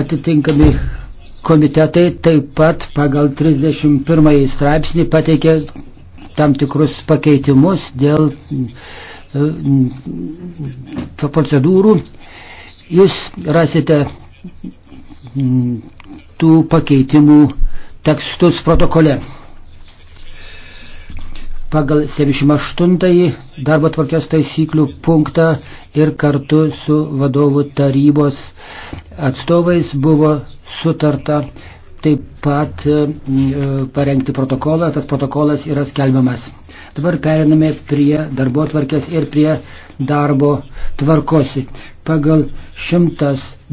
atitinkami komitetai taip pat pagal 31 straipsnį pateikė tam tikrus pakeitimus dėl e, procedūrų. Jūs rasite mm, tų pakeitimų tekstus protokole. Pagal 78 darbo tvarkės taisyklių punktą ir kartu su vadovų tarybos atstovais buvo sutarta taip pat e, e, parengti protokolą, tas protokolas yra skelbiamas. Dabar periname prie darbo tvarkės ir prie darbo tvarkosi. Pagal šimtas